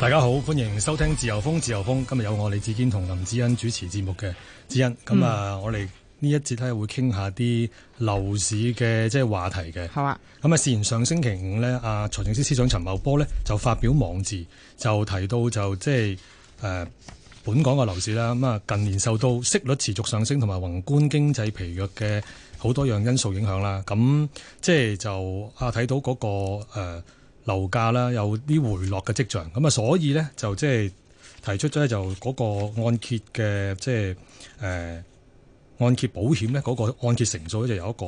大家好，歡迎收聽自由風自由風，今日有我李志堅同林子欣主持節目嘅子欣。咁、嗯、啊，我哋呢一節咧會傾下啲樓市嘅即係話題嘅，好啊。咁啊，事緣上星期五呢，啊財政司司長陳茂波呢就發表網誌，就提到就即係誒，本港嘅樓市啦，咁啊，近年受到息率持續上升同埋宏觀經濟疲弱嘅好多樣因素影響啦，咁即係就啊、是、睇到嗰、那個誒。呃樓價啦，有啲回落嘅跡象，咁啊所以咧就即係提出咗咧就嗰個按揭嘅即係誒按揭保險咧嗰個按揭成數咧就有一個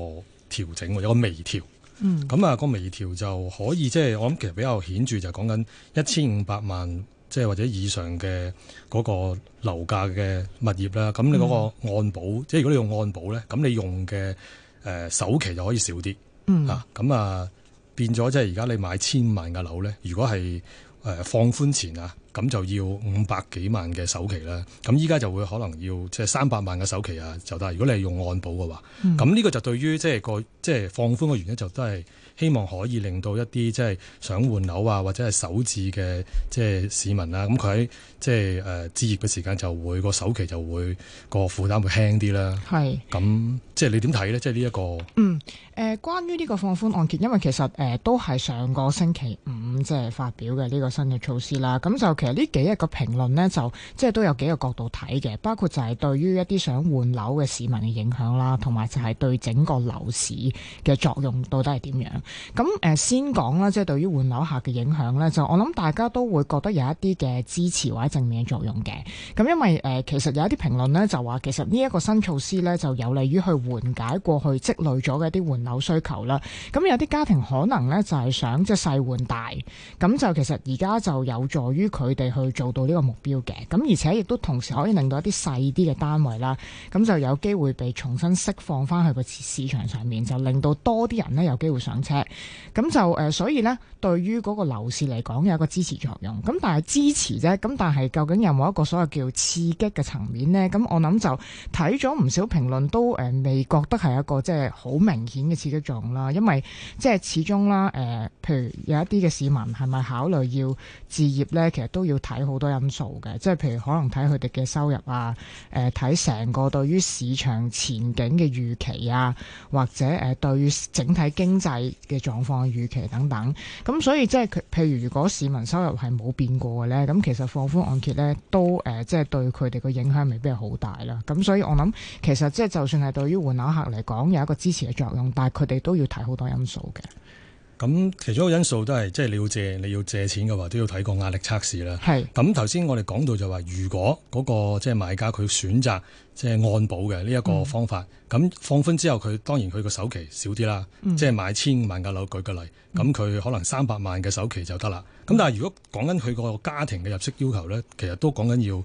調整，有個微調。嗯，咁啊個微調就可以即係我諗其實比較顯著就係講緊一千五百萬即係或者以上嘅嗰個樓價嘅物業啦。咁你嗰個按保，即係如果你用按保咧，咁你用嘅誒首期就可以少啲。嗯，啊咁啊。變咗即係而家你買千萬嘅樓咧，如果係放寬前啊，咁就要五百幾萬嘅首期啦。咁依家就會可能要即係三百萬嘅首期啊，就得。如果你係用按保嘅話，咁、嗯、呢個就對於即係個即係放寬嘅原因就都係。希望可以令到一啲即係想換樓啊，或者係首置嘅即係市民啦。咁佢喺即係誒置業嘅時間就會個首期就會、個負擔會輕啲啦。係咁，即係你點睇咧？即係呢一個嗯誒、呃、關於呢個放寬按揭，因為其實誒、呃、都係上個星期五即係發表嘅呢個新嘅措施啦。咁就其實幾呢幾日嘅評論咧，就即係都有幾個角度睇嘅，包括就係對於一啲想換樓嘅市民嘅影響啦，同埋就係對整個樓市嘅作用到底係點樣。咁誒先講啦，即係對於換樓客嘅影響咧，就我諗大家都會覺得有一啲嘅支持或者正面嘅作用嘅。咁因為、呃、其實有一啲評論咧就話，其實呢一個新措施咧就有利於去緩解過去積累咗嘅一啲換樓需求啦。咁有啲家庭可能咧就係想即係細換大，咁就其實而家就有助於佢哋去做到呢個目標嘅。咁而且亦都同時可以令到一啲細啲嘅單位啦，咁就有機會被重新釋放翻去個市場上面，就令到多啲人咧有機會上車。咁就誒、呃，所以咧，對於嗰個樓市嚟講，有一個支持作用。咁但係支持啫，咁但係究竟有冇一個所謂叫刺激嘅層面咧？咁我諗就睇咗唔少評論，都誒未覺得係一個即係好明顯嘅刺激作用啦。因為即係始終啦，誒、呃，譬如有一啲嘅市民係咪考慮要置業咧，其實都要睇好多因素嘅。即係譬如可能睇佢哋嘅收入啊，誒、呃，睇成個對於市場前景嘅預期啊，或者誒、呃，對於整體經濟嘅狀況、預期等等，咁所以即係佢譬如如果市民收入係冇變過嘅咧，咁其實放寬按揭咧都即係、呃即係、對佢哋嘅影響未必係好大啦。咁所以我諗其實即係就算係對於換樓客嚟講有一個支持嘅作用，但係佢哋都要睇好多因素嘅。咁其中一個因素都係，即係你要借你要借錢嘅話，都要睇個壓力測試啦。係。咁頭先我哋講到就話，如果嗰個即係買家佢選擇即係按保嘅呢一個方法，咁、嗯、放寬之後，佢當然佢個首期少啲啦。即、嗯、係、買千萬嘅樓舉個例，咁、嗯、佢可能三百萬嘅首期就得啦。咁、嗯、但係如果講緊佢個家庭嘅入息要求咧，其實都講緊要，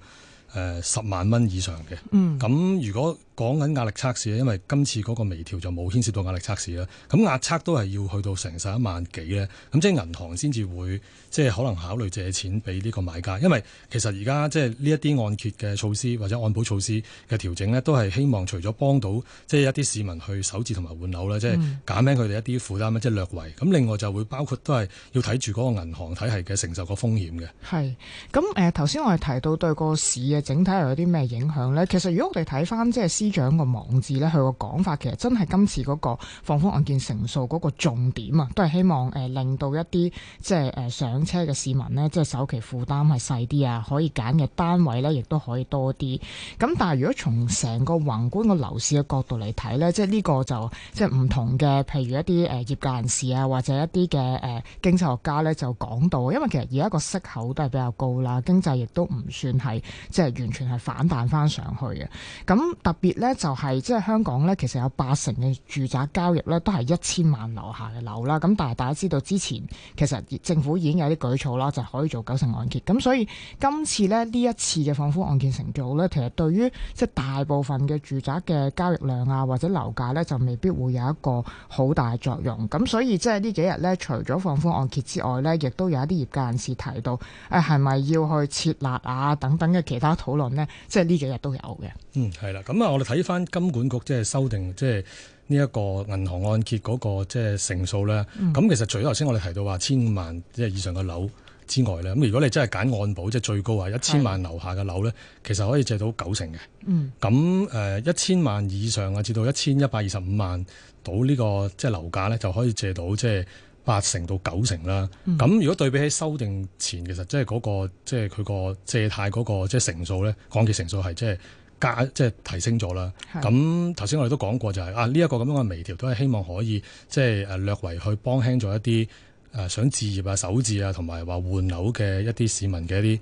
誒、呃、十萬蚊以上嘅，咁、嗯、如果講緊壓力測試咧，因為今次嗰個微調就冇牽涉到壓力測試啦，咁壓測都係要去到成十一萬幾咧，咁即係銀行先至會。即係可能考慮借錢俾呢個買家，因為其實而家即係呢一啲按揭嘅措施或者按保措施嘅調整呢，都係希望除咗幫到即係一啲市民去首置同埋換樓啦，嗯、即係減輕佢哋一啲負擔即係略為。咁另外就會包括都係要睇住嗰個銀行體系嘅承受個風險嘅。係咁，誒、頭，呃、先我哋提到對個市嘅整體又有啲咩影響呢？其實如果我哋睇翻即係司長個網誌呢，佢個講法其實真係今次嗰個放風案件成數嗰個重點啊，都係希望，呃、令到一啲即係誒，呃、想。車嘅市民呢，即係首期負擔係細啲啊，可以揀嘅單位呢，亦都可以多啲。咁但係如果從成個宏觀嘅樓市嘅角度嚟睇呢，即係呢個就即係唔同嘅，譬如一啲誒、呃、業界人士啊，或者一啲嘅誒經濟學家呢，就講到，因為其實而家個息口都係比較高啦，經濟亦都唔算係即係完全係反彈翻上去嘅。咁特別呢，就係、是、即係香港呢，其實有八成嘅住宅交易呢，都係一千萬樓下嘅樓啦。咁但係大家知道之前其實政府已經有舉措啦，就可以做九成按揭。咁所以今次咧呢一次嘅放寬按揭成數咧，其實對於即係大部分嘅住宅嘅交易量啊，或者樓價咧，就未必會有一個好大作用。咁所以即係呢幾日咧，除咗放寬按揭之外咧，亦都有一啲業界人士提到，誒係咪要去撤辣啊等等嘅其他討論咧，即係呢幾日都有嘅。嗯，係啦，咁啊，我哋睇返金管局即係修訂即係。呢、這、一個銀行按揭嗰個即係成數咧，咁、嗯、其實除咗頭先我哋提到話千五萬即係以上嘅樓之外咧，咁如果你真係揀按保，即、就、係、是、最高係一千萬樓下嘅樓咧，其實可以借到九成嘅。嗯，咁誒一千萬以上啊，至到一千一百二十五萬到呢個即係樓價咧，就是、就可以借到即係八成到九成啦。咁、嗯、如果對比起修訂前其實即係嗰個即係佢個借貸嗰個即係成數咧，講嘅成數係即係。加即係提升咗啦，咁頭先我哋都講過就係、是、啊呢一、這個咁樣嘅微調都係希望可以即係、就是、略為去幫輕咗一啲、呃、想置業啊、首置啊同埋話換樓嘅一啲市民嘅一啲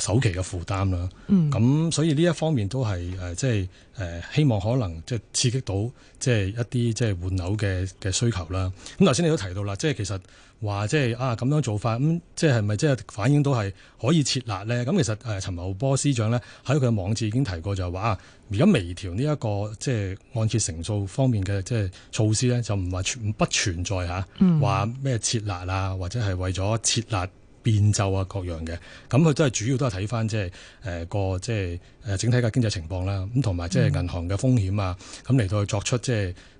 首期嘅負擔啦，咁、嗯、所以呢一方面都係誒，即係誒希望可能即係刺激到即係一啲即係換樓嘅嘅需求啦。咁頭先你都提到啦，即係其實話即係啊咁樣做法咁，即係係咪即係反映到係可以設立咧？咁其實誒、呃、陳茂波司長咧喺佢嘅網誌已經提過就、啊而家呢個，就係話如果微調呢一個即係按揭成數方面嘅即係措施咧，就唔話全不存在嚇，話、嗯、咩設立啊，或者係為咗設立。變奏啊，各樣嘅，咁佢都係主要都係睇翻即係誒個即係整體嘅經濟情況啦，咁同埋即係銀行嘅風險啊，咁嚟到去作出即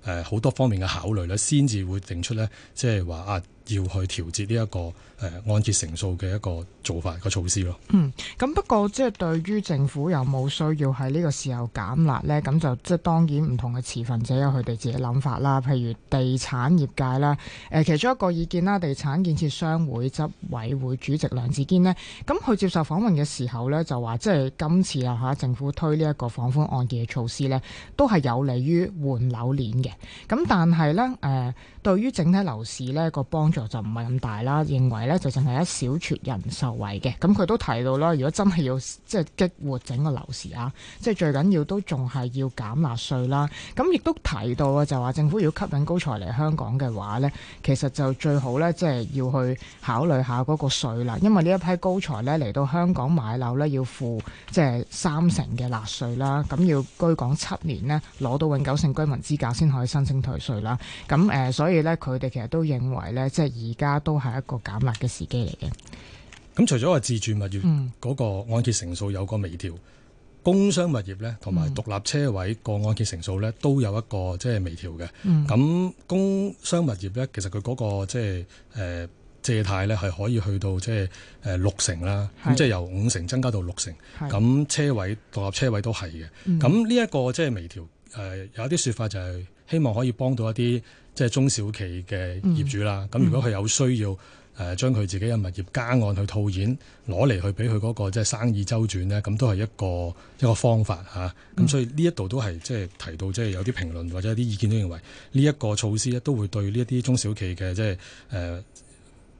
係好多方面嘅考慮咧，先至會定出咧，即係話啊要去調節呢、這、一個。誒按揭成數嘅一個做法，個措施咯。嗯，咁不過即係對於政府有冇需要喺呢個時候減辣呢？咁就即係當然唔同嘅持份者有佢哋自己諗法啦。譬如地產業界啦，誒、呃、其中一個意見啦，地產建設商會執委會主席梁志堅呢，咁佢接受訪問嘅時候呢，就話，即係今次啊嚇政府推呢一個放寬按揭嘅措施呢，都係有利於換樓鏈嘅。咁但係呢，誒、呃，對於整體樓市呢個幫助就唔係咁大啦。認為咧。就淨係一小撮人受惠嘅，咁佢都提到啦，如果真係要即係激活整個樓市啊，即係最緊要都仲係要減辣稅啦。咁亦都提到啊，就話政府要吸引高才嚟香港嘅話呢，其實就最好呢，即係要去考慮下嗰個稅啦。因為呢一批高才呢，嚟到香港買樓呢，要付即係三成嘅辣稅啦。咁要居港七年呢，攞到永久性居民資格先可以申請退稅啦。咁誒，所以呢，佢哋其實都認為呢，即係而家都係一個減辣。嘅時機嚟嘅。咁除咗話自住物業嗰、嗯那個按揭成數有個微調，工商物業咧同埋獨立車位個按揭成數咧都有一個即係微調嘅。咁、嗯、工商物業咧，其實佢嗰個即係誒借貸咧係可以去到即係誒六成啦。咁即係由五成增加到六成。咁車位獨立車位都係嘅。咁呢一個即係微調誒，有啲説法就係希望可以幫到一啲即係中小企嘅業主啦。咁、嗯、如果佢有需要。誒將佢自己嘅物業加按去套現攞嚟去俾佢嗰個即係生意周轉咧，咁都係一個一個方法吓、嗯、咁所以呢一度都係即係提到，即係有啲評論或者有啲意見都認為呢一個措施咧，都會對呢一啲中小企嘅即係誒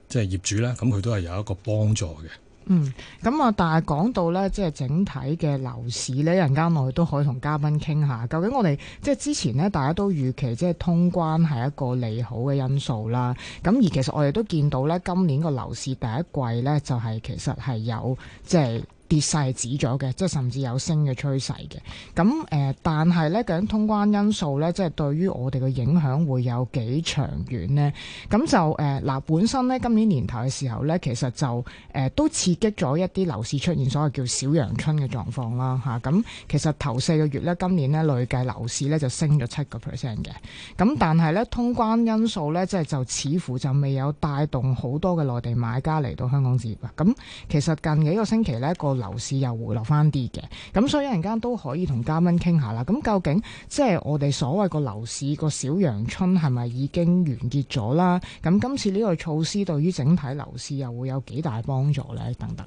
即係業主咧，咁佢都係有一個幫助嘅。嗯，咁啊，但係講到咧，即係整體嘅樓市咧，一陣間我哋都可以同嘉賓傾下，究竟我哋即係之前咧，大家都預期即係通關係一個利好嘅因素啦。咁而其實我哋都見到咧，今年個樓市第一季咧，就係其實係有即係。跌勢止咗嘅，即係甚至有升嘅趨勢嘅。咁誒，但係咧，究竟通關因素咧，即係對於我哋嘅影響會有幾長遠咧？咁就誒嗱、呃，本身咧今年年頭嘅時候咧，其實就誒、呃、都刺激咗一啲樓市出現所謂叫小陽春嘅狀況啦。吓。咁，其實頭四個月咧，今年咧累計樓市咧就升咗七個 percent 嘅。咁但係咧，通關因素咧，即係就似乎就未有帶動好多嘅內地買家嚟到香港置業。咁其實近幾個星期咧，個。樓市又回落翻啲嘅，咁所以一陣間都可以同嘉賓傾下啦。咁究竟即係我哋所謂個樓市個小陽春係咪已經完結咗啦？咁今次呢個措施對於整體樓市又會有幾大幫助呢？等等。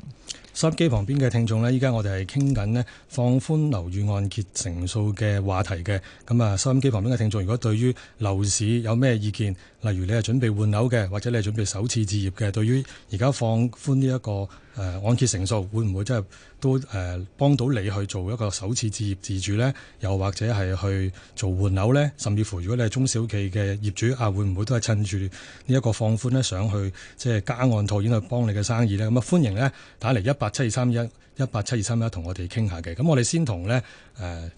收音機旁邊嘅聽眾呢，依家我哋係傾緊呢放寬樓宇按揭成數嘅話題嘅。咁啊，收音機旁邊嘅聽眾，如果對於樓市有咩意見，例如你係準備換樓嘅，或者你係準備首次置業嘅，對於而家放寬呢、這、一個。誒、嗯、按揭成數會唔會真係都誒、呃、幫到你去做一個首次置業自住呢？又或者係去做換樓呢？甚至乎如果你係中小企嘅業主啊，會唔會都係趁住呢一個放寬呢？想去即係加按套現去幫你嘅生意呢？咁、嗯、啊歡迎呢打嚟一八七二三一一八七二三一同我哋傾下嘅。咁我哋先同呢誒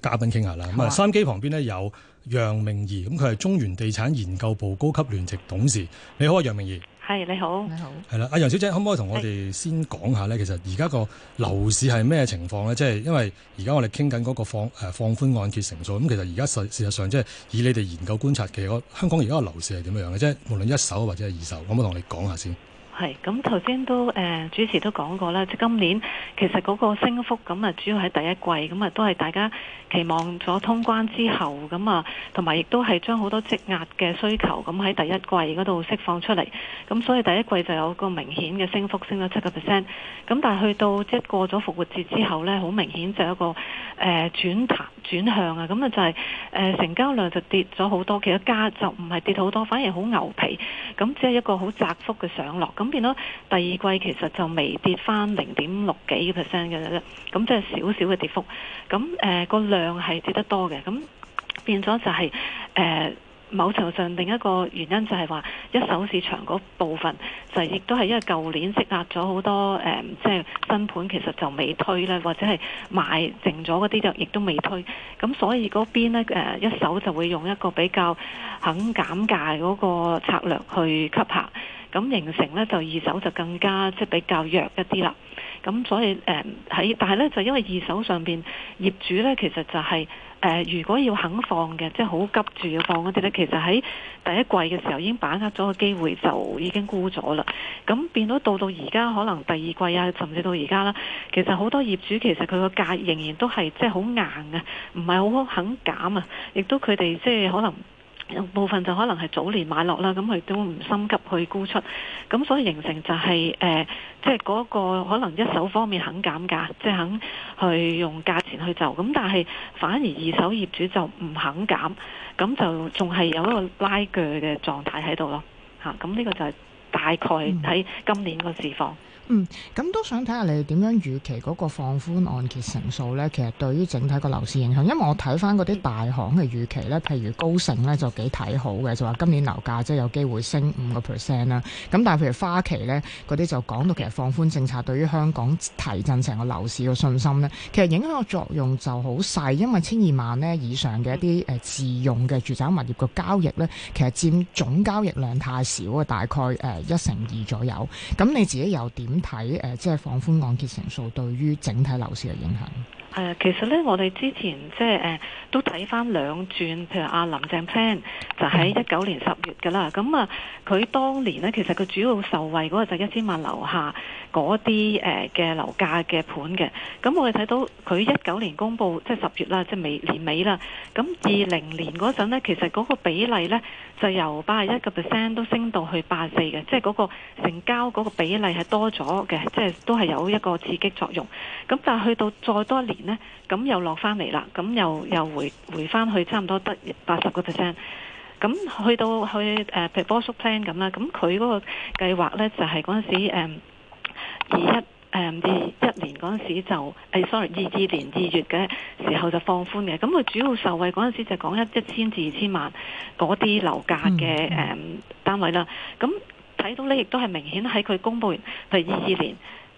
嘉賓傾下啦。咁、嗯、啊三機旁邊呢，有楊明儀，咁佢係中原地產研究部高級聯席董事。你好，楊明儀。係你好，你好係啦，阿楊小姐，可唔可以同我哋先講下咧？其實而家個樓市係咩情況咧？即係因為而家我哋傾緊嗰個放誒放寬按揭成數咁，其實而家實事實上即係以你哋研究觀察，其實香港而家個樓市係點樣嘅？即係無論一手或者係二手，可唔可以同你講下先？係咁，頭先都誒、呃、主持都講過啦。即係今年其實嗰個升幅咁啊，主要喺第一季咁啊，都係大家期望咗通關之後咁啊，同埋亦都係將好多積壓嘅需求咁喺、嗯、第一季嗰度釋放出嚟。咁所以第一季就有個明顯嘅升幅，升咗七個 percent。咁但係去到即係過咗復活節之後呢，好明顯就有一個誒、呃、轉,轉向啊。咁啊就係、是呃、成交量就跌咗好多，其實價就唔係跌好多，反而好牛皮。咁只係一個好窄幅嘅上落咁變咗第二季其實就未跌翻零點六幾 percent 嘅啫，咁即係少少嘅跌幅。咁誒個量係跌得多嘅，咁變咗就係、是、誒。呃某程度上，另一個原因就係話一手市場嗰部分就亦都係因為舊年積壓咗好多誒，即、嗯、係、就係、新盤其實就未推啦，或者係賣剩咗嗰啲就亦都未推。咁所以嗰邊呢，一手就會用一個比較肯減價嗰個策略去吸客，咁形成呢，就二手就更加即係、就係、比較弱一啲啦。咁所以誒喺、嗯、但係呢，就因為二手上面，業主呢，其實就係、係。呃，如果要肯放嘅，即係好急住要放嗰啲呢，其實喺第一季嘅時候已經把握咗個機會，就已經沽咗啦。咁變到到到而家，可能第二季啊，甚至到而家啦，其實好多業主其實佢個價仍然都係即係好硬呀，啊，唔係好肯減啊，亦都佢哋即係可能。部分就可能係早年買落啦，咁佢都唔心急去沽出，咁所以形成就係誒，即係嗰個可能一手方面肯減價，即係肯去用價錢去就，咁但係反而二手業主就唔肯減，咁就仲係有一個拉鋸嘅狀態喺度咯，吓，咁呢個就係大概喺今年個市況。嗯，咁都想睇下你點樣預期嗰個放寬按揭成數呢？其實對於整體個樓市影響，因為我睇翻嗰啲大行嘅預期呢，譬如高盛呢，就幾睇好嘅，就話今年樓價即係有機會升五個 percent 啦。咁但係譬如花旗呢，嗰啲就講到其實放寬政策對於香港提振成個樓市嘅信心呢，其實影響個作用就好細，因為千二萬呢以上嘅一啲誒、呃、自用嘅住宅物業個交易呢，其實佔總交易量太少啊，大概誒一成二左右。咁你自己又點？睇誒，即係放寬按揭成數，對於整體樓市嘅影響。呃、其實咧，我哋之前即係誒，都睇翻兩轉，譬如阿、啊、林鄭 Plan 就喺一九年十月㗎啦。咁啊，佢當年咧，其實佢主要受惠嗰個就一千萬樓下嗰啲誒嘅樓價嘅盤嘅。咁我哋睇到佢一九年公布即係十月啦，即係尾年尾啦。咁二零年嗰陣咧，其實嗰個比例咧就由八十一個 percent 都升到去八四嘅，即係嗰個成交嗰個比例係多咗嘅，即、就、係、是、都係有一個刺激作用。咁但係去到再多一年。咁、嗯、又落翻嚟啦，咁又又回回翻去，去，去，差唔多得八十個 percent。咁去到去誒波叔 plan 咁啦，咁佢嗰個計劃咧就係嗰陣時、嗯、二一誒、嗯、二一年嗰陣時就誒、哎、sorry 二二年二月嘅時候就放寬嘅。咁佢主要受惠嗰陣時就講一一千至二千萬嗰啲樓價嘅誒、嗯嗯、單位啦。咁睇到咧亦都係明顯喺佢公佈完第二二年。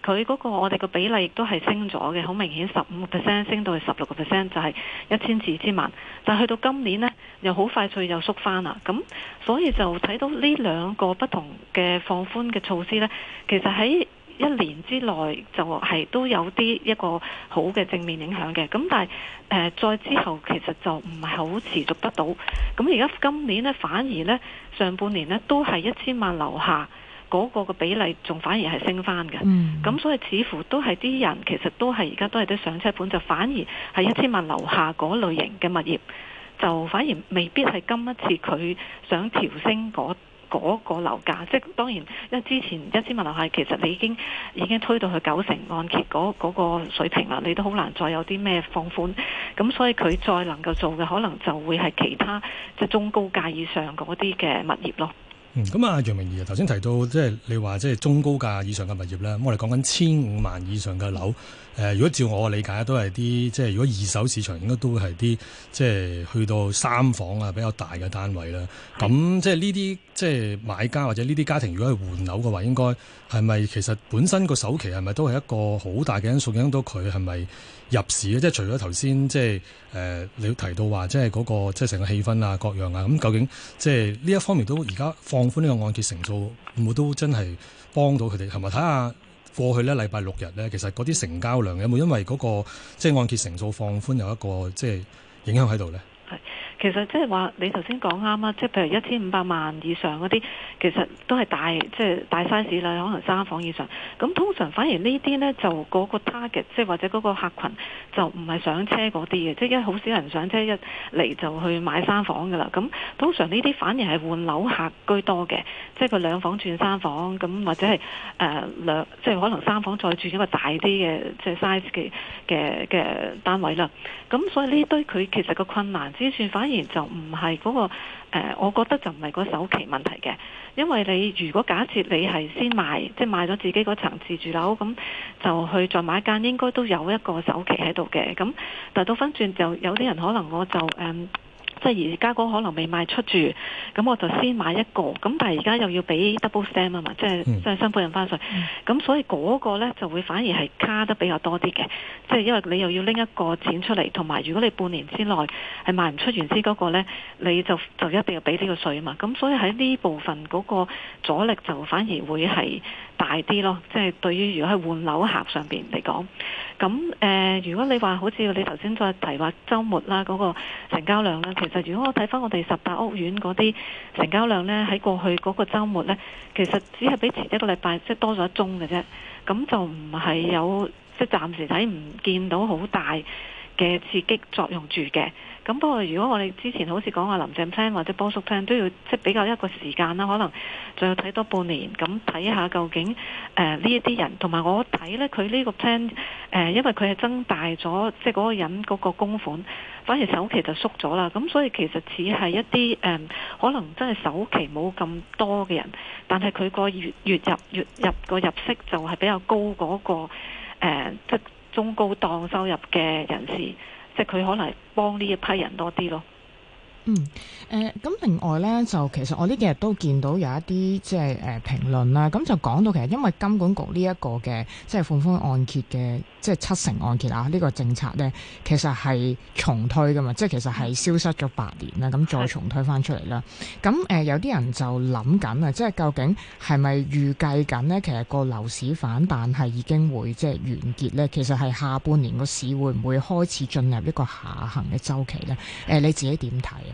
佢嗰個我哋個比例亦都係升咗嘅，好明顯十五個 percent 升到去十六個 percent，就係一千至二千萬。但係去到今年呢，又好快脆又縮翻啦。咁所以就睇到呢兩個不同嘅放寬嘅措施呢，其實喺一年之內就係都有啲一個好嘅正面影響嘅。咁但係、呃、再之後其實就唔係好持續得到。咁而家今年呢，反而呢上半年呢，都係一千萬樓下。嗰、嗰個個比例仲反而係升翻嘅，咁、嗯、所以似乎都係啲人其實都係而家都係啲上車盤，就反而係一千萬樓下嗰類型嘅物業，就反而未必係今一次佢想調升嗰、嗰個樓價。即、就、係、是、當然，因為之前一千萬樓下其實你已經已經推到去九成按揭嗰、嗰個嗰個水平啦，你都好難再有啲咩放寬。咁所以佢再能夠做嘅，可能就會係其他即係、就係、中高價以上嗰啲嘅物業咯。嗯，咁啊，楊明儀啊，頭先提到即係你話即係中高價以上嘅物業啦，我哋講緊千五萬以上嘅樓，誒、呃，如果照我嘅理解都係啲，即係如果二手市場應該都係啲，即係去到三房啊比較大嘅單位啦。咁即係呢啲即係買家或者呢啲家庭如果係換樓嘅話，應該係咪其實本身個首期係咪都係一個好大嘅因素，影響到佢係咪？入市即係除咗頭先，即係誒，你提到話，即係嗰個，即係成個氣氛啊，各樣啊，咁究竟，即係呢一方面都而家放寬呢個按揭成數，會唔會都真係幫到佢哋係咪？睇下過去咧，禮拜六日咧，其實嗰啲成交量有冇因為嗰個即係按揭成數放寬有一個即係影響喺度咧？其實即係話你頭先講啱啦，即係譬如一千五百萬以上嗰啲，其實都係大即係、就是、大 size 啦，可能三房以上。咁通常反而呢啲呢，就嗰個 target，即係或者嗰個客群就唔係上車嗰啲嘅，即、就、係、是、一好少人上車一嚟就去買三房㗎啦。咁通常呢啲反而係換樓客居多嘅，即係佢兩房轉三房，咁或者係誒兩即係可能三房再轉一個大啲嘅即係 size 嘅嘅嘅單位啦。咁所以呢堆佢其實個困難之處，反而當然就唔係嗰個，呃，我覺得就唔係個首期問題嘅，因為你如果假設你係先買，即係買咗自己嗰層自住樓，咁就去再買一間，應該都有一個首期喺度嘅。咁但到分轉就有啲人可能我就誒。嗯即係而家嗰個可能未賣出住，咁我就先買一個，咁但係而家又要俾 double stamp 啊嘛，即係即係雙倍印花稅，咁所以嗰個呢就會反而係卡得比較多啲嘅，即係因為你又要拎一個錢出嚟，同埋如果你半年之內係賣唔出原先嗰個呢你就就一定要俾呢個稅啊嘛，咁所以喺呢部分嗰個阻力就反而會係大啲咯，即係對於如果係換樓客上面嚟講，咁、呃、如果你話好似你頭先再提話週末啦嗰、嗰個成交量咧，就如果我睇翻我哋十八屋苑嗰啲成交量呢，喺過去嗰個週末呢，其實只係比前一個禮拜即係多咗一宗嘅啫，咁就唔係有即係暫時睇唔見到好大嘅刺激作用住嘅。咁不過，如果我哋之前好似講下林鄭 plan 或者波叔 plan，都要即係、就是、比較一個時間啦，可能仲要睇多半年，咁睇下究竟誒呢一啲人，同埋我睇咧，佢呢個 plan 誒、呃，因為佢係增大咗，即係嗰個人嗰個供款，反而首期就縮咗啦。咁所以其實似係一啲誒、呃，可能真係首期冇咁多嘅人，但係佢個月月入月入個入息就係比較高嗰、那個即係、呃就是、中高檔收入嘅人士。即係佢可能係幫呢一批人多啲咯。嗯，誒、呃，咁另外咧，就其實我呢幾日都見到有一啲即係誒評論啦，咁、呃、就講到其實因為金管局呢一個嘅即係放寬按揭嘅即係七成按揭啊，呢、這個政策咧，其實係重推噶嘛，即係其實係消失咗八年啦，咁再重推返出嚟。啦，咁誒，有啲人就諗緊啊，即係究竟係咪預計緊呢？其實，其實、呃、是是其實個樓市反彈係已經會即係完結咧？其實係下半年個市會唔會開始進入一個下行嘅周期咧？誒、呃，你自己點睇啊？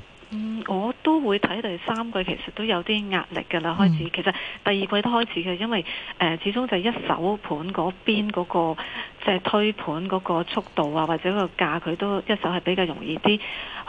會睇第三季其實都有啲壓力噶啦，開始其實第二季都開始嘅，因為誒、呃、始終就一手盤嗰邊嗰個即係、就是、推盤嗰個速度啊，或者個價佢都一手係比較容易啲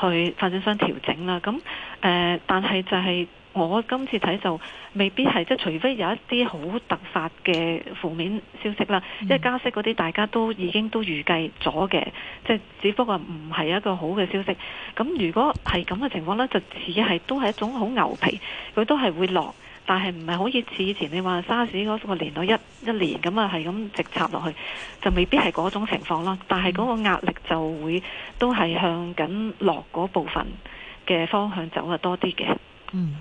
去發展商調整啦。咁誒、呃，但係就係、是。我今次睇就未必係，即係除非有一啲好突發嘅負面消息啦，即係加息嗰啲大家都已經都預計咗嘅，即係只不過唔係一個好嘅消息。咁如果係咁嘅情況咧，就似係都係一種好牛皮，佢都係會落，但係唔係好似似以前你話沙士嗰個年到一一年，咁啊，係咁直插落去，就未必係嗰種情況啦，但係嗰個壓力就會都係向緊落嗰部分嘅方向走啊多啲嘅，嗯。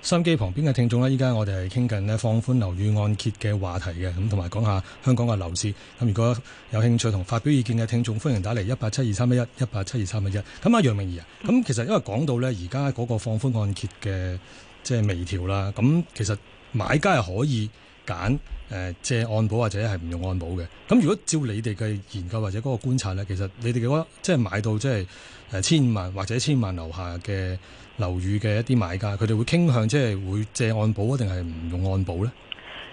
收音機旁邊嘅聽眾呢，依家我哋係傾緊呢放寬樓宇按揭嘅話題嘅，咁同埋講下香港嘅樓市。咁如果有興趣同發表意見嘅聽眾，歡迎打嚟一八七二三一一，一八七二三一一。咁啊，楊明儀啊，咁其實因為講到呢而家嗰個放寬按揭嘅即係微調啦，咁其實買家係可以揀誒、呃、借按保或者係唔用按保嘅。咁如果照你哋嘅研究或者嗰個觀察呢，其實你哋覺得即係、即係、買到即、即、係、係。誒、啊、千萬或者千萬樓下嘅樓宇嘅一啲買家，佢哋會傾向即係會借按保，定係唔用按保呢？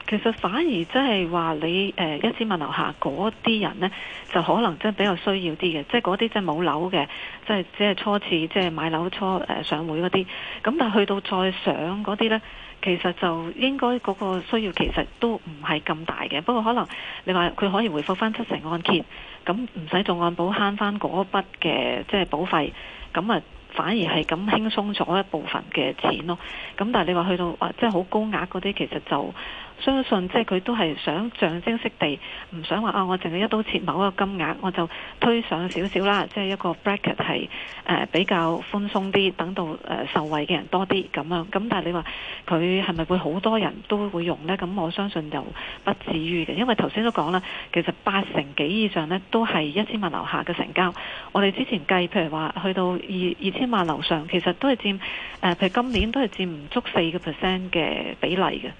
其實反而即係話你誒、呃、一千萬樓下嗰啲人呢，就可能真係比較需要啲嘅，即係嗰啲即係冇樓嘅，即係即係初次即係買樓初誒、呃、上會嗰啲，咁但係去到再上嗰啲呢。其實就應該嗰個需要，其實都唔係咁大嘅。不過可能你話佢可以回復返七成按揭，咁唔使做按保慳返嗰筆嘅即係保費，咁啊反而係咁輕鬆咗一部分嘅錢咯。咁但係你話去到啊，即係好高額嗰啲，其實就。相信即係佢都係想象徵式地，唔想話啊！我淨係一刀切某一個金額，我就推上少少啦。即係一個 bracket 係誒、呃、比較寬鬆啲，等到誒、呃、受惠嘅人多啲咁樣。咁但係你話佢係咪會好多人都會用咧？咁我相信就不至於嘅，因為頭先都講啦，其實八成幾以上咧都係一千萬樓下嘅成交。我哋之前計譬如話去到二二千萬樓上，其實都係佔誒、呃、譬如今年都係佔唔足四個 percent 嘅比例嘅。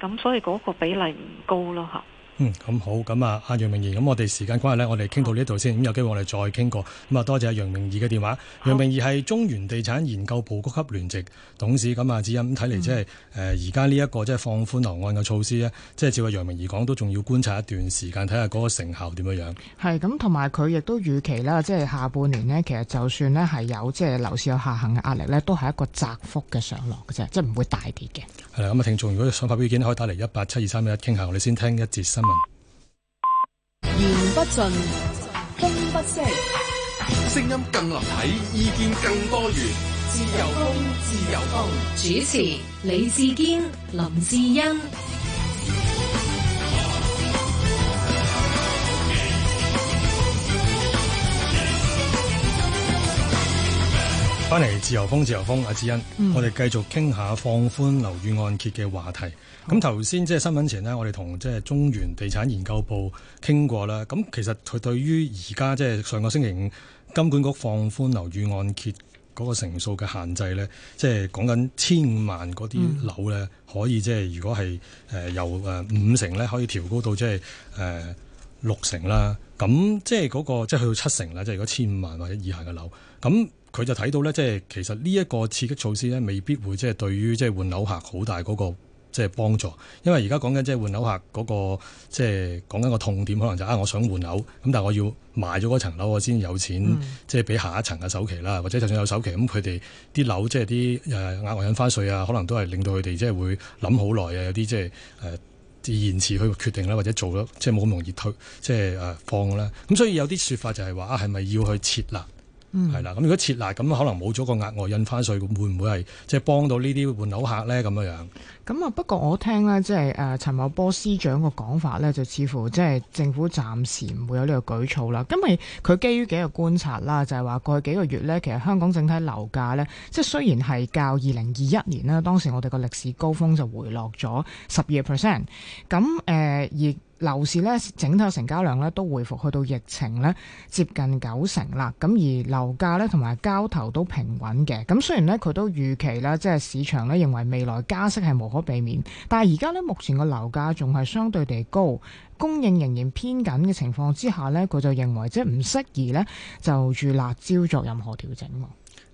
咁所以嗰個比例唔高咯，嚇。嗯，咁、嗯、好，咁啊，阿楊明儀，咁我哋時間關係呢，我哋傾到呢度先，咁有機會我哋再傾過。咁啊，多謝阿楊明儀嘅電話。楊明儀係中原地產研究部高級聯席董事。咁啊，子欣，睇嚟即係誒而家呢一個即係放寬樓按嘅措施咧，即、就、係、是、照阿楊明儀講，都仲要觀察一段時間，睇下嗰個成效點樣樣？係，咁同埋佢亦都預期啦。即係下半年呢，其實就算咧係有即係樓市有下行嘅壓力呢都係一個窄幅嘅上落嘅啫，即係唔會大跌嘅。係啦，咁、嗯、啊，聽眾如果想發表意見可以打嚟一八七二三一一傾下，我哋先聽一節新聞。言不盡，風不息，聲音更立體，意見更多元。自由風，自由風。主持：李志堅、林志恩。翻嚟自由風，自由風，阿志恩，嗯、我哋繼續傾下放寬樓宇按揭嘅話題。咁頭先即係新聞前呢，我哋同即係中原地產研究部傾過啦。咁其實佢對於而家即係上個星期五金管局放寬樓宇按揭嗰個成數嘅限制呢、嗯，即係講緊千萬嗰啲樓呢，可以即係如果係由、呃、五成呢，可以調高到即係、呃、六成啦。咁、嗯、即係嗰、嗰個即係去到七成啦。即係如果千萬或者以下嘅樓咁。佢就睇到咧，即係其實呢一個刺激措施咧，未必會即係對於即係換樓客好大嗰個即係幫助，因為而家講緊即係換樓客嗰個即係講緊個痛點，可能就啊我想換樓，咁但係我要賣咗嗰層樓，我先有錢即係俾下一層嘅首期啦、嗯，或者就算有首期，咁佢哋啲樓即係啲誒額外印花稅啊，可能都係令到佢哋即係會諗好耐啊，有啲即係誒延遲去決定啦，或者做咗即係冇咁容易推即係誒放啦。咁所以有啲說法就係話啊，係咪要去設立？嗯，係啦，咁如果撤辣，咁可能冇咗個額外印花稅，會唔會係即係幫到呢啲換樓客咧？咁樣樣，咁啊，不過我聽咧，即係誒陳茂波司長個講法咧，就似乎即係、就是、政府暫時唔會有呢個舉措啦。因為佢基於幾個觀察啦，就係、是、話過去幾個月咧，其實香港整體樓價咧，即係雖然係較二零二一年呢，當時我哋個歷史高峰就回落咗十二 percent，咁誒而。樓市咧，整體成交量咧都回復去到疫情咧接近九成啦，咁而樓價咧同埋交投都平穩嘅。咁雖然咧佢都預期咧，即係市場咧認為未來加息係無可避免，但係而家咧目前個樓價仲係相對地高，供應仍然偏緊嘅情況之下咧，佢就認為即係唔適宜咧就住辣招作任何調整。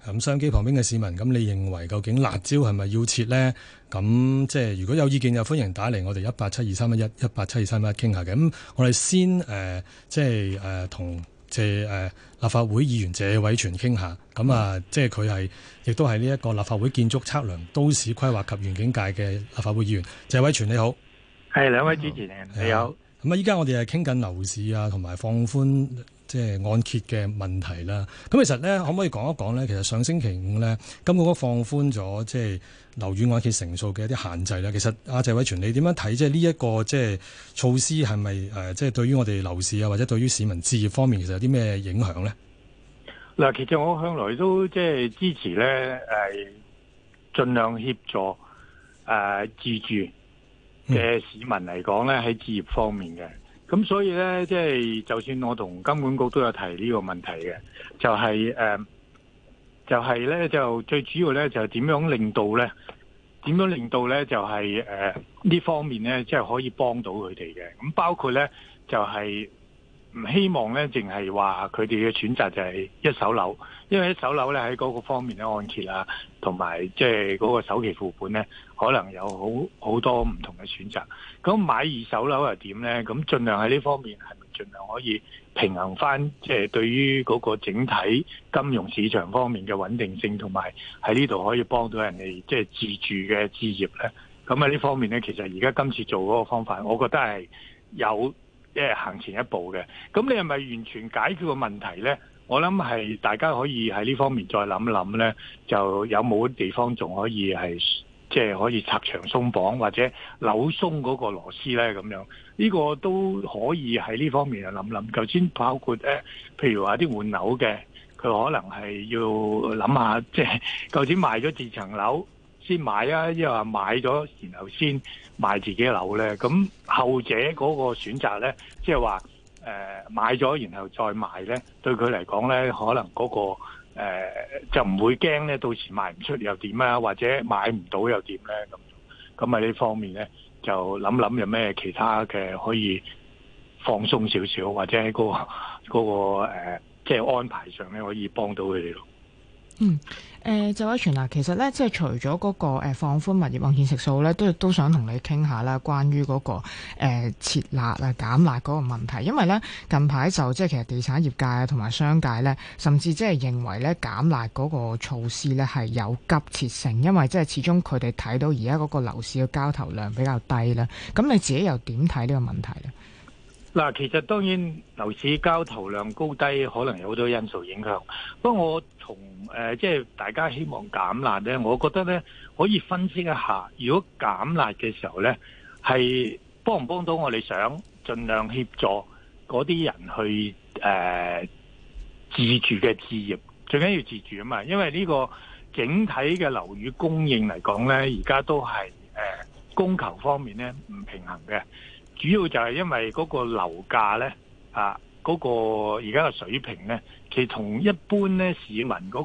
咁相機旁邊嘅市民，咁你認為究竟辣招係咪要撤呢？咁即係如果有意見，就歡迎打嚟我哋一八七二三一一一八七二三一傾下嘅。咁我哋先、呃、即係同謝誒立法會議員謝偉銓傾下。咁啊，即係佢係亦都係呢一個立法會建築測量、都市規劃及園境界嘅立法會議員。謝偉銓你好，係兩位主持人，你好。咁啊，依、呃、家我哋係傾緊樓市啊，同埋放寬，即係按揭嘅問題啦，咁其實咧，可唔可以講一講咧？其實上星期五咧，金管局放寬咗即係樓宇按揭成數嘅一啲限制啦。其實阿、啊、謝偉銓，你點樣睇即係呢一個即係措施係咪誒？即係對於我哋樓市啊，或者對於市民置業方面，其實有啲咩影響咧？嗱，其實我向來都即係支持咧，誒，盡量協助誒、呃、自住嘅市民嚟講咧，喺置業方面嘅。咁所以呢，即係就算我同金管局都有提呢個問題嘅，就係誒就係咧，就最主要咧，就點樣令到咧，點樣令到咧，就係誒呢方面咧，即係可以幫到佢哋嘅。咁包括咧，就係唔希望咧，淨係話佢哋嘅選擇就係一手樓，因為一手樓咧喺嗰個方面咧，按揭啊，同埋即係嗰個首期付款咧。可能有好好多唔同嘅選擇。咁買二手樓又點呢？咁盡量喺呢方面係咪盡量可以平衡翻？即係對於嗰個整體金融市場方面嘅穩定性，同埋喺呢度可以幫到人哋即係自住嘅置業呢？咁喺呢方面呢，其實而家今次做嗰個方法，我覺得係有即係行前一步嘅。咁你係咪完全解決個問題呢？我諗係大家可以喺呢方面再諗諗呢，就有冇地方仲可以係？即係可以拆牆鬆綁或者扭鬆嗰個螺絲呢。咁樣，呢個都可以喺呢方面啊諗諗。頭先包括誒，譬如話啲換樓嘅，佢可能係要諗下，即係頭先賣咗自層樓先買啊，亦話買咗然後先賣自己樓呢。咁後者嗰個選擇呢，即係話買咗然後再賣呢，對佢嚟講呢，可能嗰個。誒、呃、就唔會驚咧，到時賣唔出又點啊？或者買唔到又點咧？咁咁喺呢方面咧，就諗諗有咩其他嘅可以放鬆少少，或者喺、嗰、嗰個嗰、嗰個即係、呃即係、安排上咧可以幫到佢哋咯。嗯，誒、呃，謝偉銓啊，其實咧，即係除咗嗰、那個誒、呃、放寬物業按揭成數咧，都都想同你傾下啦。關於嗰個誒撤辣啊減辣嗰個問題，因為咧近排就即係其實地產業界啊，同埋商界咧，甚至即係認為咧減辣嗰個措施咧係有急切性，因為即係始終佢哋睇到而家嗰個樓市嘅交投量比較低啦。咁你自己又點睇呢個問題咧？嗱，其實當然樓市交投量高低可能有好多因素影響。不過我同誒即係大家希望減辣咧，我覺得咧可以分析一下，如果減辣嘅時候咧，係幫唔幫到我哋想盡量協助嗰啲人去誒、呃、自住嘅置業，最緊要自住啊嘛。因為呢個整體嘅樓宇供應嚟講咧，而家都係誒、呃、供求方面咧唔平衡嘅。主要就係因為嗰個樓價呢，啊，嗰個而家嘅水平呢，其實同一般呢市民嗰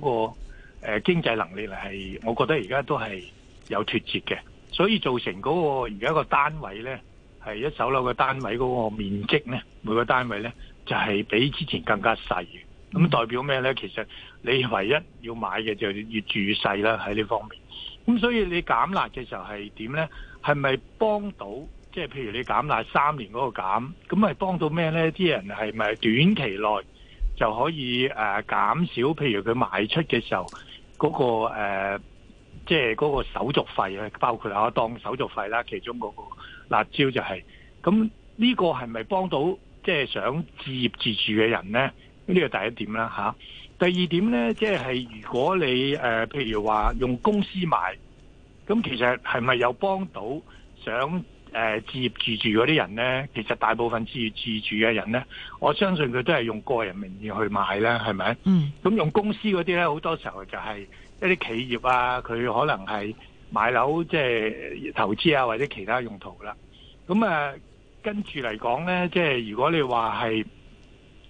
個誒經濟能力嚟係，我覺得而家都係有脫節嘅，所以造成嗰個而家個單位呢，係一手樓嘅單位嗰個面積呢，每個單位呢，就係比之前更加細嘅。咁代表咩呢？其實你唯一要買嘅就越住越細啦，喺呢方面。咁所以你減辣嘅時候係點呢？係咪幫到？即、就、係、是、譬如你減辣三年嗰個減，咁咪幫到咩呢？啲人係咪短期內就可以誒減少？譬如佢賣出嘅時候嗰、那個即係嗰個手續費啊，包括啊當手續費啦，其中嗰個辣招就係咁，呢個係咪幫到？即、就、係、是、想置業自住嘅人呢？呢、這個第一點啦吓、啊、第二點呢，即、就、係、是、如果你誒、呃、譬如話用公司買，咁其實係咪有幫到想？誒、呃、自業自住嗰啲人呢，其實大部分置業自住嘅人呢，我相信佢都係用個人名義去買啦，係咪？嗯。咁用公司嗰啲呢，好多時候就係一啲企業啊，佢可能係買樓即係、就是、投資啊，或者其他用途啦。咁啊，跟住嚟講呢，即、就、係、是、如果你話係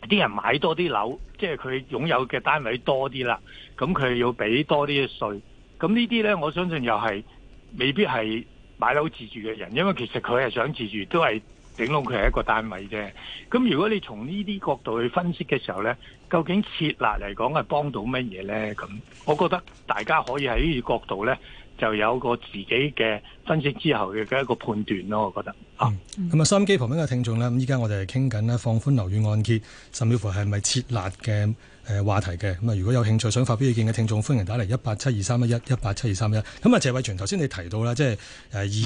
啲人買多啲樓，即係佢擁有嘅單位多啲啦，咁佢要俾多啲嘅稅。咁呢啲呢，我相信又係未必係。買樓自住嘅人，因為其實佢係想自住，都係頂籠佢係一個單位啫。咁如果你從呢啲角度去分析嘅時候呢，究竟撤辣嚟講係幫到乜嘢呢？咁我覺得大家可以喺呢個角度呢，就有個自己嘅分析之後嘅一個判斷咯。我覺得啊，咁、嗯、啊，收音機旁邊嘅聽眾呢，咁依家我哋係傾緊呢，放寬樓宇按揭，甚至乎係咪撤辣嘅？誒話題嘅咁啊，如果有興趣想發表意見嘅聽眾，歡迎打嚟一八七二三一一一八七二三一。咁啊，謝偉銓頭先你提到啦，即係誒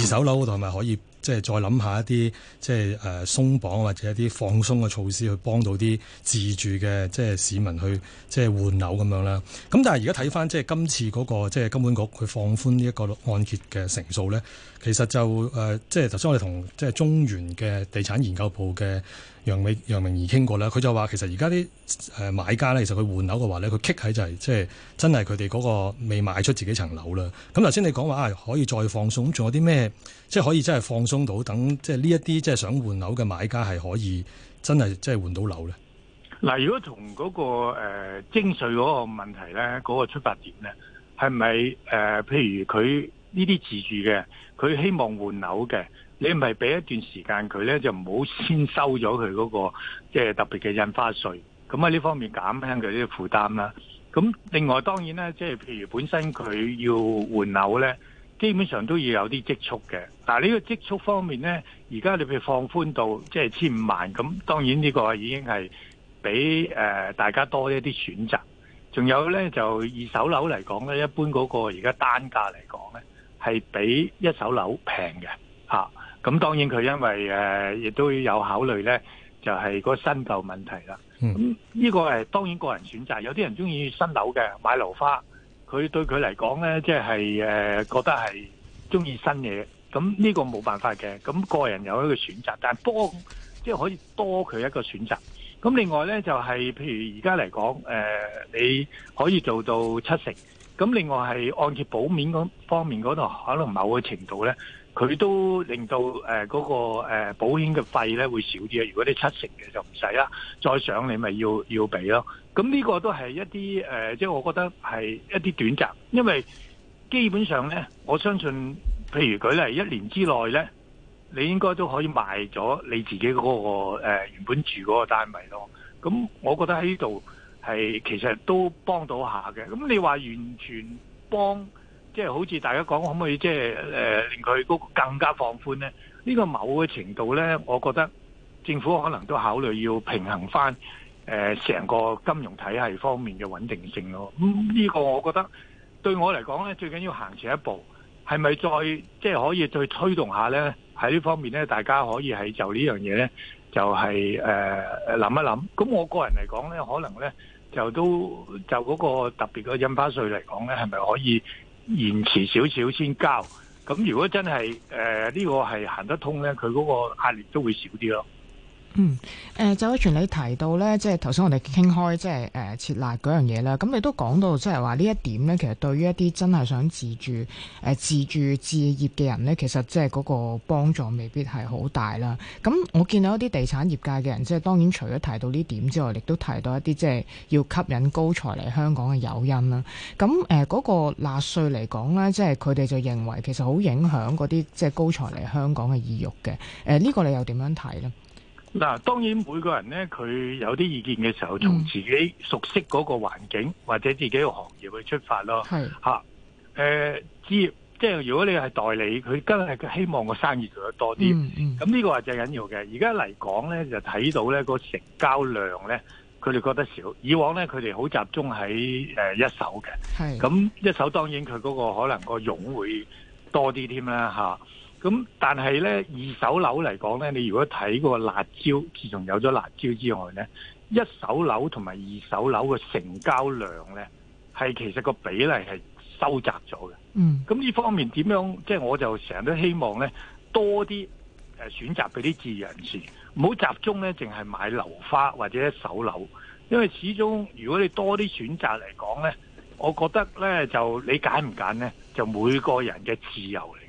二手樓嗰度係咪可以？即係再諗下一啲即係誒鬆綁或者一啲放鬆嘅措施去幫到啲自住嘅即係市民去即係換樓咁樣啦。咁但係而家睇翻即係今次嗰個即係金管局佢放寬呢一個按揭嘅成數咧，其實就誒即係頭先我哋同即係中原嘅地產研究部嘅楊美楊明儀傾過啦，佢就話其實而家啲誒買家咧，其實佢換樓嘅話咧，佢棘喺就係即係真係佢哋嗰個未賣出自己層樓啦。咁頭先你講話啊可以再放鬆，仲有啲咩即係可以真係放鬆？中到等，即係呢一啲即係想換樓嘅買家係可以真係即係換到樓咧。嗱，如果從嗰個誒徵稅嗰個問題咧，嗰個出發點咧，係咪誒？譬如佢呢啲自住嘅，佢希望換樓嘅，你唔係俾一段時間佢咧，就唔好先收咗佢嗰個即係特別嘅印花稅，咁喺呢方面減輕佢啲負擔啦。咁另外當然咧，即係譬如本身佢要換樓咧。基本上都要有啲積蓄嘅，嗱呢個積蓄方面呢，而家你譬如放寬到即係千五萬，咁當然呢個已經係比誒大家多一啲選擇。仲有呢，就二手樓嚟講呢，一般嗰個而家單價嚟講呢，係比一手樓平嘅。咁當然佢因為誒亦都有考慮呢，就係、是、嗰新舊問題啦。咁、嗯、呢個係當然個人選擇，有啲人中意新樓嘅買樓花。佢對佢嚟講呢，即係誒覺得係鍾意新嘢，咁呢個冇辦法嘅。咁個人有一個選擇，但係多即係可以多佢一個選擇。咁另外呢，就係譬如而家嚟講，誒你可以做到七成。咁另外係按揭保面方面嗰度，可能某個程度呢。佢都令到誒嗰個保險嘅費咧會少啲啊！如果你七成嘅就唔使啦，再上你咪要要俾咯。咁呢個都係一啲誒，即係我覺得係一啲短暫，因為基本上咧，我相信譬如佢咧一年之內咧，你應該都可以賣咗你自己嗰個原本住嗰個單位咯。咁我覺得喺呢度係其實都幫到下嘅。咁你話完全幫？即、就、係、是、好似大家講，可唔可以即係誒令佢嗰個更加放寬呢？呢個某嘅程度呢，我覺得政府可能都考慮要平衡翻誒成個金融體系方面嘅穩定性咯。呢個我覺得對我嚟講呢，最緊要行前一步，係咪再即係可以再推動下呢？喺呢方面呢，大家可以係就呢樣嘢呢，就係誒諗一諗。咁我個人嚟講呢，可能呢，就都就嗰個特別嘅印花稅嚟講呢，係咪可以？延遲少少先交，咁如果真係誒呢個係行得通咧，佢嗰個壓力都會少啲咯。嗯，誒、呃，謝偉銓，你提到咧，即係頭先我哋傾開，即係誒，撤辣嗰樣嘢啦，咁你都講到，即係話呢一點咧，其實對於一啲真係想自住誒、呃、自住置業嘅人咧，其實即係嗰個幫助未必係好大啦。咁我見到一啲地產業界嘅人，即係當然除咗提到呢點之外，亦都提到一啲即係要吸引高才嚟香港嘅誘因啦。咁誒，嗰、呃那個辣稅嚟講咧，即係佢哋就認為其實好影響嗰啲即係高才嚟香港嘅意欲嘅。誒、呃，呢、這個你又點樣睇咧？嗱，當然每個人咧，佢有啲意見嘅時候，從自己熟悉嗰個環境、嗯、或者自己個行業去出發咯。係嚇，誒、啊，即係如果你係代理，佢梗係佢希望個生意做得多啲，咁、嗯、呢個係最緊要嘅。而家嚟講咧，就睇到咧個成交量咧，佢哋覺得少。以往咧，佢哋好集中喺、呃、一手嘅，咁一手當然佢嗰個可能個傭會多啲添啦。咁但係咧，二手樓嚟講咧，你如果睇個辣椒，自從有咗辣椒之外咧，一手樓同埋二手樓嘅成交量咧，係其實個比例係收窄咗嘅。嗯，咁呢方面點樣？即係我就成日都希望咧，多啲誒選擇俾啲自由人士，唔好集中咧，淨係買樓花或者一手樓，因為始終如果你多啲選擇嚟講咧，我覺得咧就你揀唔揀咧，就每個人嘅自由嚟。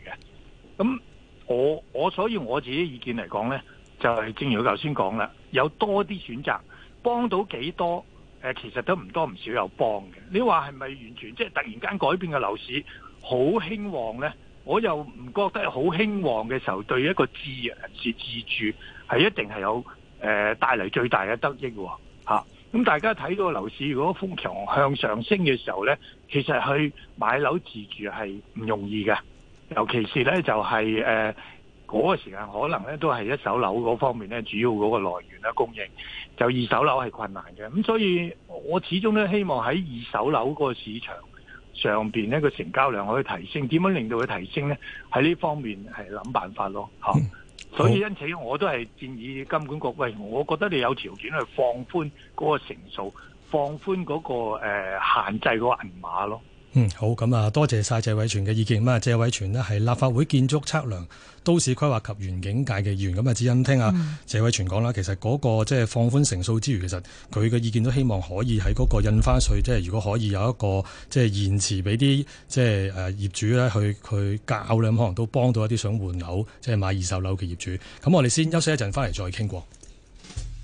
咁我我所以我自己意見嚟講呢，就係正如我頭先講啦，有多啲選擇，幫到幾多？其實都唔多唔少有幫嘅。你話係咪完全即係突然間改變嘅樓市好興旺呢，我又唔覺得好興旺嘅時候，對一個自人士自住係一定係有誒帶嚟最大嘅得益喎。咁大家睇到樓市如果瘋狂向上升嘅時候呢，其實去買樓自住係唔容易嘅。尤其是咧就係、是、誒、呃嗰個時間可能咧都係一手樓嗰方面咧主要嗰個來源啦供應，就二手樓係困難嘅。咁所以我始終都希望喺二手樓個市場上邊咧個成交量可以提升，點樣令到佢提升咧？喺呢方面係諗辦法咯，吓，所以因此我都係建議金管局，喂，我覺得你有條件去放寬嗰個成數，放寬嗰、嗰個誒、呃、限制個銀碼咯。嗯，好，咁啊，多謝晒謝偉銓嘅意見。咁啊，謝偉銓呢係立法會建築測量、都市規劃及園景界嘅議員。咁啊，只因聽啊謝偉銓講啦。其實嗰個即係放寬成數之餘，其實佢嘅意見都希望可以喺嗰個印花稅，即係如果可以有一個即係延遲俾啲即係誒業主咧去去交量可能都幫到一啲想換樓即係買二手樓嘅業主。咁我哋先休息一陣，翻嚟再傾過。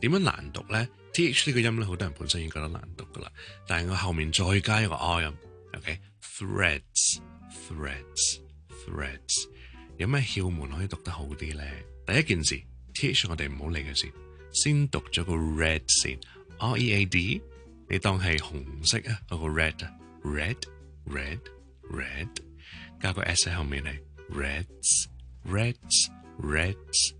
點樣難讀咧 th 呢個音咧好多人本身已經覺得難讀噶啦但係我後面再加一個 r 音 ok threads threads threads 有咩竅門可以讀得好啲咧第一件事 th 我哋唔好理佢先先讀咗個 red 先 r e a d 你當係紅色啊嗰個 red red red red 加個 s 喺後面嚟 reds reds reds, reds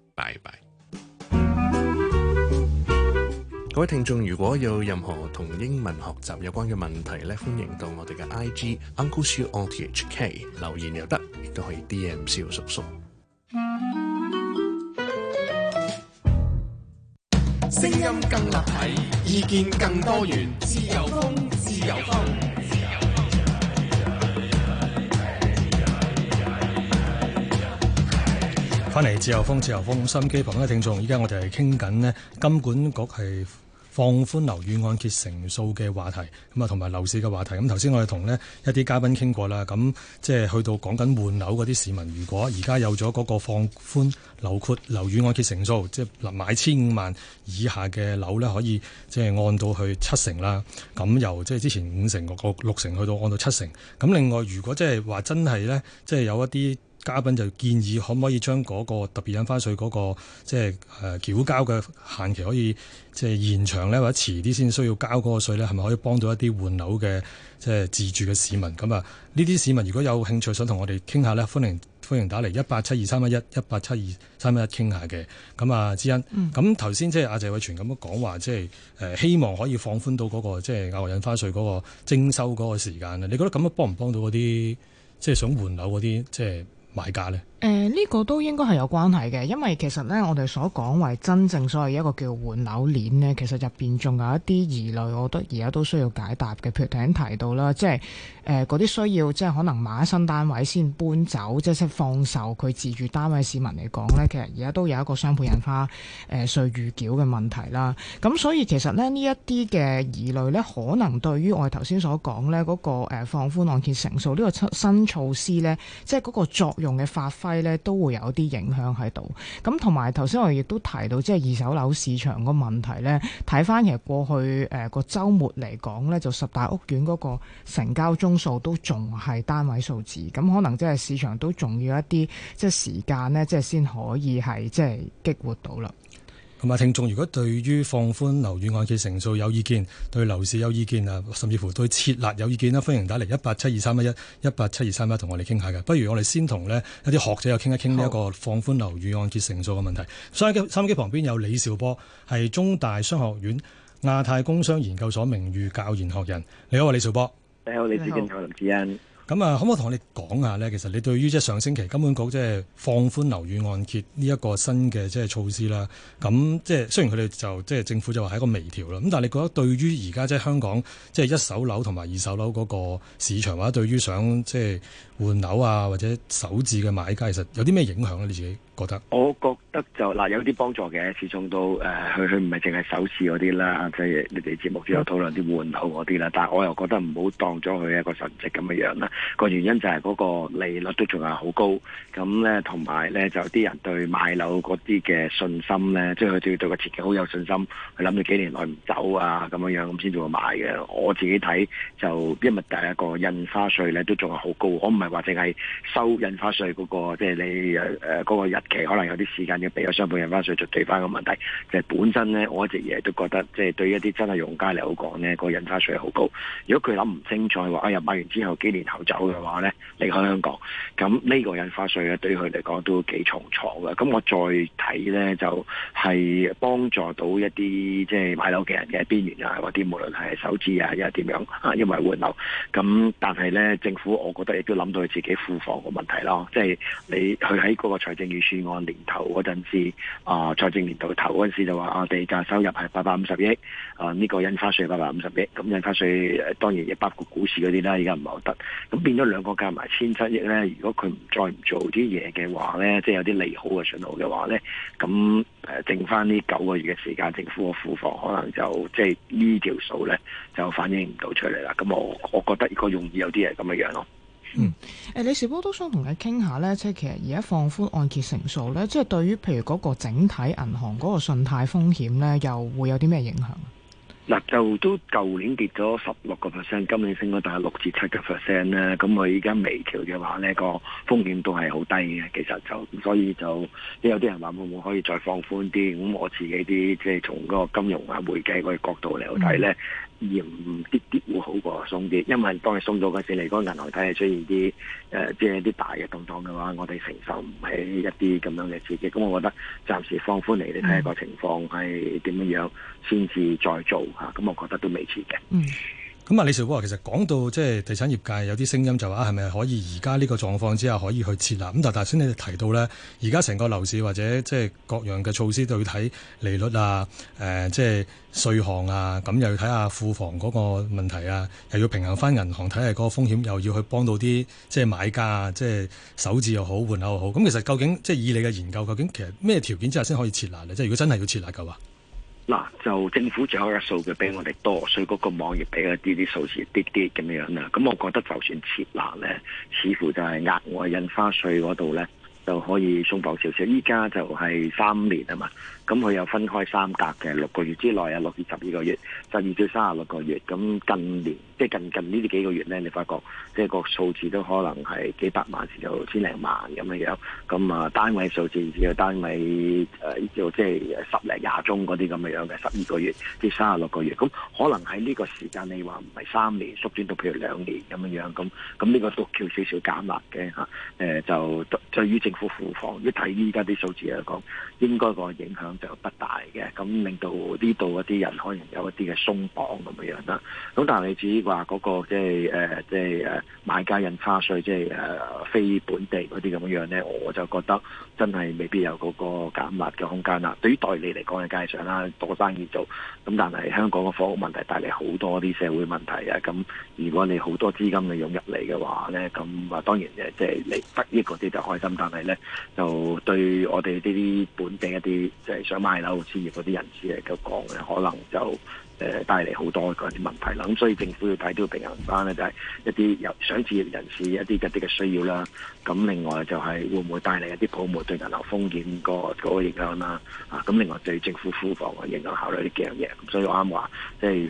拜拜！各位聽眾，如果有任何同英文學習有關嘅問題咧，歡迎到我哋嘅 I G Uncle Siu O T H K 留言又得，亦都可以，以 D M 小叔叔。聲音更立體，意見更多元，自由風，自由風。返嚟自由風，自由風，心機旁邊嘅聽眾，依家我哋係傾緊呢金管局係放寬樓宇按揭成數嘅話題，咁啊同埋樓市嘅話題。咁頭先我哋同呢一啲嘉賓傾過啦，咁即係去到講緊換樓嗰啲市民，如果而家有咗嗰個放寬樓闊樓宇按揭成數，即係嗱買千五萬以下嘅樓呢，可以即係按到去七成啦。咁由即係之前五成嗰個六成去到按到七成。咁另外如果即係話真係呢，即係有一啲。嘉賓就建議可唔可以將嗰個特別印花稅嗰個即係誒繳交嘅限期可以即係延長咧，或者遲啲先需要交嗰個稅咧，係咪可以幫到一啲換樓嘅即係自住嘅市民？咁啊，呢啲市民如果有興趣想同我哋傾下咧，歡迎歡迎打嚟一八七二三一一，一八七二三一一傾下嘅。咁啊，之恩，咁頭先即係阿謝偉銓咁樣講話，即係誒希望可以放寬到嗰、嗰個即係額外印花稅嗰個徵收嗰個時間，你覺得咁樣幫唔幫到嗰啲即係想換樓嗰啲即係？嗯買家呢。誒，呢個都應該係有關係嘅，因為其實呢，我哋所講為真正所謂一個叫換樓鏈呢，其實入邊仲有一啲疑慮，我覺得而家都需要解答嘅。譬如頭先提到啦，即係誒嗰啲需要即係可能買新單位先搬走，即係放售佢自住單位市民嚟講呢，其實而家都有一個雙倍印花誒稅、呃、預繳嘅問題啦。咁所以其實呢，呢一啲嘅疑慮呢，可能對於我哋頭先所講呢嗰個誒、呃、放寬浪揭成數呢、呢個新措施呢，即係嗰個作用嘅發揮。咧都會有啲影響喺度，咁同埋頭先我哋亦都提到，即係二手樓市場個問題呢，睇返其實過去誒個週末嚟講呢，就十大屋苑嗰個成交宗數都仲係單位數字，咁可能即係市場都仲要一啲即係時間呢，即係先可以係即係激活到啦。同埋，聽眾如果對於放寬樓宇按揭成數有意見，對樓市有意見啊，甚至乎對設立有意見啦，歡迎打嚟一八七二三一一一八七二三一，同我哋傾下嘅。不如我哋先同呢一啲學者又傾一傾呢一個放寬樓宇按揭成數嘅問題。三機三機旁邊有李兆波，係中大商學院亞太工商研究所名譽教研學人。你好，李兆波。你好，李志堅同我林志恩。咁啊，可唔可以同我哋講下咧？其實你對於即係上星期金管局即係放寬樓宇按揭呢一個新嘅即係措施啦。咁即係雖然佢哋就即係政府就話係一個微調啦。咁但係你覺得對於而家即係香港即係一手樓同埋二手樓嗰個市場，或者對於想即係換樓啊或者首置嘅買家，其實有啲咩影響咧？你自己？覺得我覺得就嗱有啲幫助嘅，始終都誒佢佢唔係淨係首次嗰啲啦，即、呃、係、啊就是、你哋節目之後討論啲換樓嗰啲啦。但係我又覺得唔好當咗佢一個神蹟咁嘅樣啦。個原因就係嗰個利率都仲係好高，咁咧同埋咧就啲人對買樓嗰啲嘅信心咧，即係佢對對個前景好有信心，佢諗住幾年內唔走啊咁樣樣，咁先至會買嘅。我自己睇就因為第一個印花稅咧都仲係好高，我唔係話淨係收印花稅嗰、嗰個，即、就、係、是、你誒誒嗰個人其實可能有啲時間要俾咗雙倍印花稅，就對翻個問題。其、就、係、是、本身咧，我一直嘢都覺得，即、就、係、是、對於一啲真係用家嚟好講咧，那個印花稅好高。如果佢諗唔清楚話，啊、哎、入買完之後幾年後走嘅話咧，離開香港，咁呢個印花稅咧對佢嚟講都幾重創嘅。咁我再睇咧，就係、是、幫助到一啲即係買樓嘅人嘅邊緣啊，或者是無論係首置啊，又點樣啊，因為換樓。咁但係咧，政府我覺得亦都諗到佢自己庫房個問題咯。即、就、係、是、你佢喺嗰個財政預算。按年頭嗰陣時，啊財政年度頭嗰陣時就話啊地價收入係八百五十億，啊呢、這個印花稅八百五十億，咁印花稅、啊、當然亦包括股市嗰啲啦，而家唔係好得，咁變咗兩個加埋千七億咧。如果佢唔再唔做啲嘢嘅話咧，即、就、係、是、有啲利好嘅信號嘅話咧，咁誒、啊、剩翻呢九個月嘅時間，政府嘅庫房可能就即係、就是、呢條數咧就反映唔到出嚟啦。咁我我覺得如果容易有啲係咁嘅樣咯。嗯，誒李兆波都想同你傾下咧，即係其實而家放寬按揭成數咧，即係對於譬如嗰個整體銀行嗰個信貸風險咧，又會有啲咩影響？嗱，就都舊年跌咗十六個 percent，今年升咗大概六至七個 percent 咧，咁我依家微調嘅話咧，個風險都係好低嘅。其實就所以就有啲人話會唔會可以再放寬啲？咁我自己啲即係從個金融啊會計嘅角度嚟睇咧。嗯嚴啲啲會好過鬆啲，因為當你鬆咗嗰陣時嚟講，銀行體系出現啲誒，即係啲大嘅動盪嘅話，我哋承受唔起一啲咁樣嘅刺激，咁我覺得暫時放寬嚟，你睇下個情況係點樣樣，先至再做嚇，咁我覺得都未遲嘅。嗯。咁啊，李兆波啊，其實講到即係地產業界有啲聲音就話，係咪可以而家呢個狀況之下可以去設立？咁但頭先，你提到咧，而家成個樓市或者即係各樣嘅措施都要睇利率啊，誒，即係稅項啊，咁又要睇下庫房嗰個問題啊，又要平衡翻銀行睇下嗰個風險，又要去幫到啲即係買家啊，即係首置又好，換樓又好。咁其實究竟即係以你嘅研究，究竟其實咩條件之下先可以設立咧？即係如果真係要設立嘅話？嗱，就政府掌握嘅數據比我哋多，所以嗰個網頁俾一啲啲數字啲啲咁樣啦。咁我覺得就算設立咧，似乎就係額外印花稅嗰度咧就可以鬆綁少少。依家就係三年啊嘛。咁佢又分開三格嘅，六個月之內啊，六至十二個月，十二至三十六個月。咁近年即係近近呢啲幾個月咧，你發覺即係個數字都可能係幾百萬至到千零萬咁樣樣。咁啊單位數字只有單位誒、呃、叫即係十零廿宗嗰啲咁樣嘅，十二個月即三十六個月。咁可能喺呢個時間，你話唔係三年縮短到譬如兩年咁樣樣。咁咁呢個都叫少少減壓嘅嚇。誒就對於政府庫房，一睇依家啲數字嚟講，應該個影響咁就不大嘅，咁令到呢度一啲人可能有一啲嘅鬆綁咁樣樣啦。咁但係你至於話嗰個即係誒即係誒買家印花稅，即係誒非本地嗰啲咁樣樣咧，我就覺得真係未必有嗰個減壓嘅空間啦。對於代理嚟講嘅街上啦，多個生意做，咁但係香港嘅房屋問題帶嚟好多啲社會問題啊。咁如果你好多資金嚟湧入嚟嘅話咧，咁啊當然誒，即係你得益嗰啲就開心，但係咧就對我哋呢啲本地一啲即係。就是想買樓、置業嗰啲人士嚟講嘅，可能就誒帶嚟好多嗰啲問題啦。咁所以政府要睇到平衡翻咧，就係、是、一啲有想置業人士一啲一啲嘅需要啦。咁另外就係會唔會帶嚟一啲泡沫對銀行風險個嗰個影響啦？啊，咁另外對政府庫房嘅影響考慮啲幾樣嘢。咁所以我啱話，即係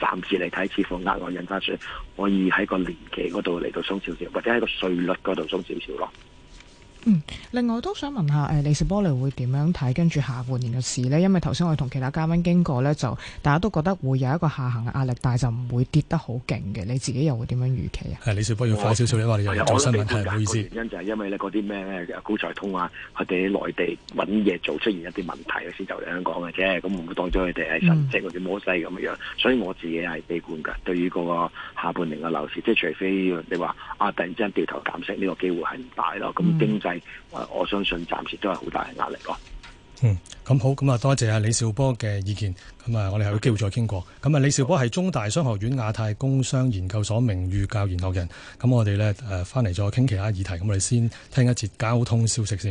暫時嚟睇，似乎額外印花稅可以喺個年期嗰度嚟到鬆少少，或者喺個稅率嗰度鬆少少咯。嗯，另外都想問下，誒李兆波你會點樣睇跟住下半年嘅事呢？因為頭先我同其他嘉賓經過呢，就大家都覺得會有一個下行嘅壓力，但係就唔會跌得好勁嘅。你自己又會點樣預期啊？係李兆波要快少少，因為你又做新問題係咪意思？原因就係因為咧嗰啲咩高才通啊，佢哋喺內地揾嘢做出現一啲問題，先就咁樣講嘅啫。咁唔好當咗佢哋係神蹟或者摩西咁樣。所以我自己係悲觀噶，對於嗰個下半年嘅樓市，即係除非你話啊，突然之間掉頭減息這機，呢個機會係唔大咯。咁、嗯、經我相信暫時都係好大嘅壓力咯。嗯，咁好，咁啊，多謝阿李兆波嘅意見。咁啊，我哋有機會再傾過。咁啊，李兆波係中大商學院亞太工商研究所名譽教研學人。咁我哋咧誒，翻嚟再傾其他議題。咁我哋先聽一節交通消息先。